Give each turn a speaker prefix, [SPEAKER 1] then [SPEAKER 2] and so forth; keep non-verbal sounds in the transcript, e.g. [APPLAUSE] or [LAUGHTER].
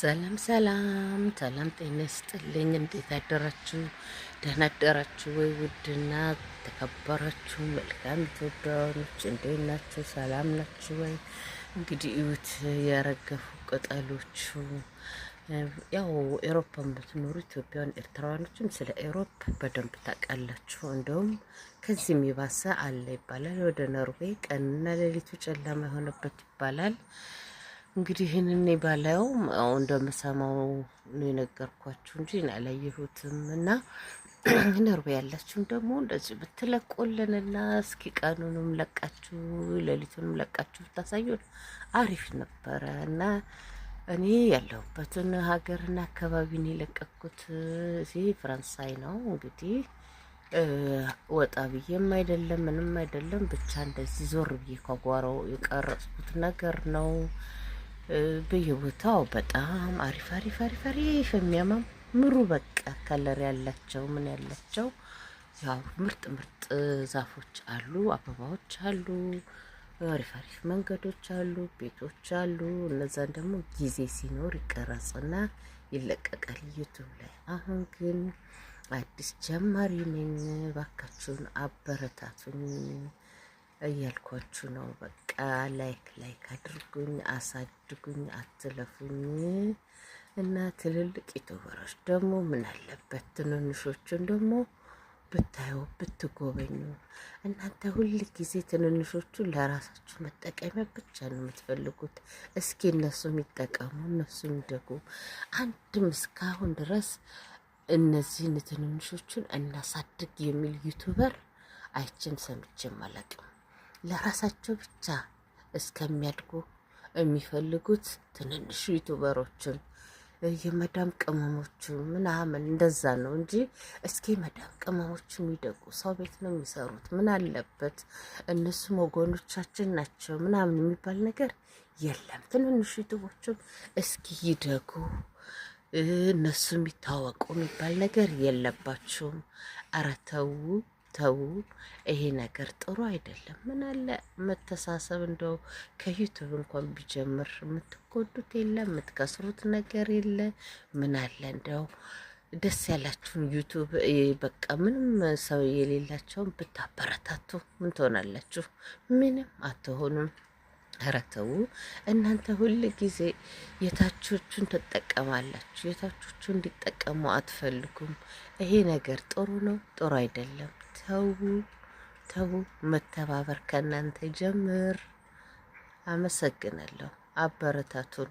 [SPEAKER 1] ሰላም ሰላም ሰላም፣ ጤና ይስጥልኝ። እንዴት አደራችሁ? ደህና አደራችሁ ወይ? ውድና ተከበራችሁ መልካም ኢትዮጵያውያኖች እንዴት ናችሁ? ሰላም ናችሁ ወይ? እንግዲህ እዩት የረገፉ ቅጠሎቹ። ያው ኤሮፓ የምትኖሩ ኢትዮጵያውያን ኤርትራውያኖችም ስለ ኤሮፕ በደንብ ታውቃላችሁ። እንደውም ከዚህ የሚባሰ አለ ይባላል። ወደ ኖርዌይ ቀንና ሌሊቱ ጨለማ የሆነበት ይባላል። እንግዲህ ይህንን ባላየው እንደምሰማው ነው የነገርኳችሁ እንጂ አላየሁትም። እና ነርቦ [CLEARS THROAT] ያላችሁም ደግሞ እንደዚህ ብትለቆልንና እስኪ ቀኑንም ለቃችሁ ሌሊቱንም ለቃችሁ ብታሳዩን አሪፍ ነበረ። እና እኔ ያለሁበትን ሀገርና አካባቢን የለቀኩት እዚህ ፈረንሳይ ነው። እንግዲህ ወጣ ብዬም አይደለም ምንም አይደለም ብቻ እንደዚህ ዞር ብዬ ከጓሮው የቀረጽኩት ነገር ነው። በየቦታው በጣም አሪፍ አሪፍ አሪፍ አሪፍ የሚያማም ምሩ በቃ ከለር ያላቸው ምን ያላቸው ያው ምርጥ ምርጥ ዛፎች አሉ፣ አበባዎች አሉ፣ አሪፍ አሪፍ መንገዶች አሉ፣ ቤቶች አሉ። እነዛን ደግሞ ጊዜ ሲኖር ይቀረጽና ይለቀቃል ዩቱብ ላይ። አሁን ግን አዲስ ጀማሪ ነኝ፣ ባካችሁን አበረታቱኝ እያልኳችሁ ነው በቃ ላይክ ላይክ አድርጉኝ፣ አሳድጉኝ፣ አትለፉኝ እና ትልልቅ ዩቱበሮች ደግሞ ምን አለበት ትንንሾችን ደግሞ ብታዩ ብትጎበኙ። እናንተ ሁል ጊዜ ትንንሾቹ ለራሳችሁ መጠቀሚያ ብቻ ነው የምትፈልጉት። እስኪ እነሱም ይጠቀሙ፣ እነሱም ይደጉ። አንድም እስካሁን ድረስ እነዚህን ትንንሾቹን እናሳድግ የሚል ዩቱበር አይቼም ሰምቼም አላቅም። ለራሳቸው ብቻ እስከሚያድጉ የሚፈልጉት ትንንሹ ዩቱበሮችን የመዳም ቅመሞቹ ምናምን እንደዛ ነው እንጂ እስኪ መዳም ቅመሞቹ የሚደቁ ሰው ቤት ነው የሚሰሩት፣ ምን አለበት እነሱ ወገኖቻችን ናቸው ምናምን የሚባል ነገር የለም። ትንንሹ ዩቱቦችም እስኪ ይደጉ እነሱ የሚታወቁ የሚባል ነገር የለባቸውም። አረተው ተው ይሄ ነገር ጥሩ አይደለም። ምን አለ መተሳሰብ እንደው ከዩቱብ እንኳን ቢጀምር የምትጎዱት የለ የምትከስሩት ነገር የለ። ምን አለ እንደው ደስ ያላችሁን ዩቱብ በቃ ምንም ሰው የሌላቸውን ብታበረታቱ ምን ትሆናላችሁ? ምንም አትሆኑም። ኧረ ተው እናንተ ሁል ጊዜ የታቾቹን ትጠቀማላችሁ። የታቾቹን እንዲጠቀሙ አትፈልጉም። ይሄ ነገር ጥሩ ነው፣ ጥሩ አይደለም። ተው ተው፣ መተባበር ከእናንተ ጀምር። አመሰግናለሁ። አበረታቱን።